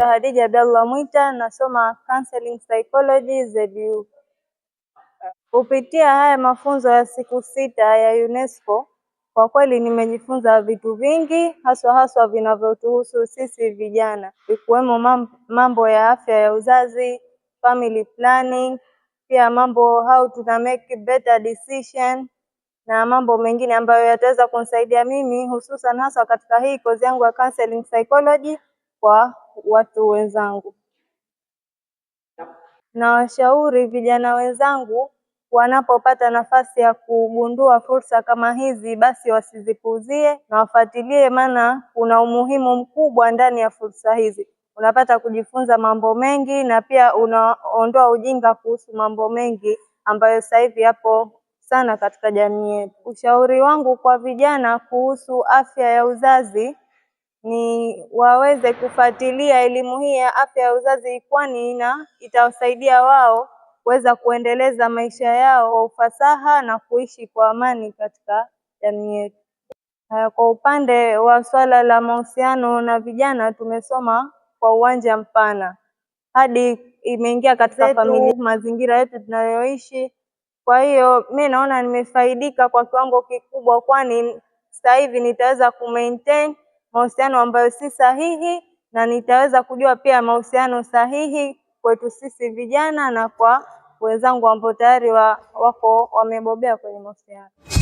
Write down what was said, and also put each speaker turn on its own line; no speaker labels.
naitwa Hadija Abdallah Mwita, nasoma counseling psychology ZU. Kupitia haya mafunzo ya siku sita ya UNESCO, kwa kweli nimejifunza vitu vingi, haswa haswa vinavyotuhusu sisi vijana, ikiwemo mambo ya afya ya uzazi, family planning, pia mambo how to make better decision na mambo mengine ambayo yataweza kunisaidia mimi hususan hasa katika hii kozi yangu ya counseling psychology kwa watu wenzangu. Nawashauri vijana wenzangu wanapopata nafasi ya kugundua fursa kama hizi, basi wasizipuuzie na wafuatilie, maana kuna umuhimu mkubwa ndani ya fursa hizi. Unapata kujifunza mambo mengi na pia unaondoa ujinga kuhusu mambo mengi ambayo sasa hivi yapo sana katika jamii yetu. Ushauri wangu kwa vijana kuhusu afya ya uzazi ni waweze kufuatilia elimu hii ya afya ya uzazi, kwani ina itawasaidia wao kuweza kuendeleza maisha yao kwa ufasaha na kuishi kwa amani katika jamii yetu. Kwa upande wa swala la mahusiano na vijana, tumesoma kwa uwanja mpana hadi imeingia katika familia,
mazingira yetu tunayoishi. Kwa hiyo mi naona nimefaidika kwa kiwango kikubwa, kwani sasa hivi nitaweza kumaintain mahusiano ambayo si sahihi, na nitaweza kujua pia mahusiano sahihi kwetu sisi vijana na kwa wenzangu ambao tayari wa, wako wamebobea kwenye mahusiano.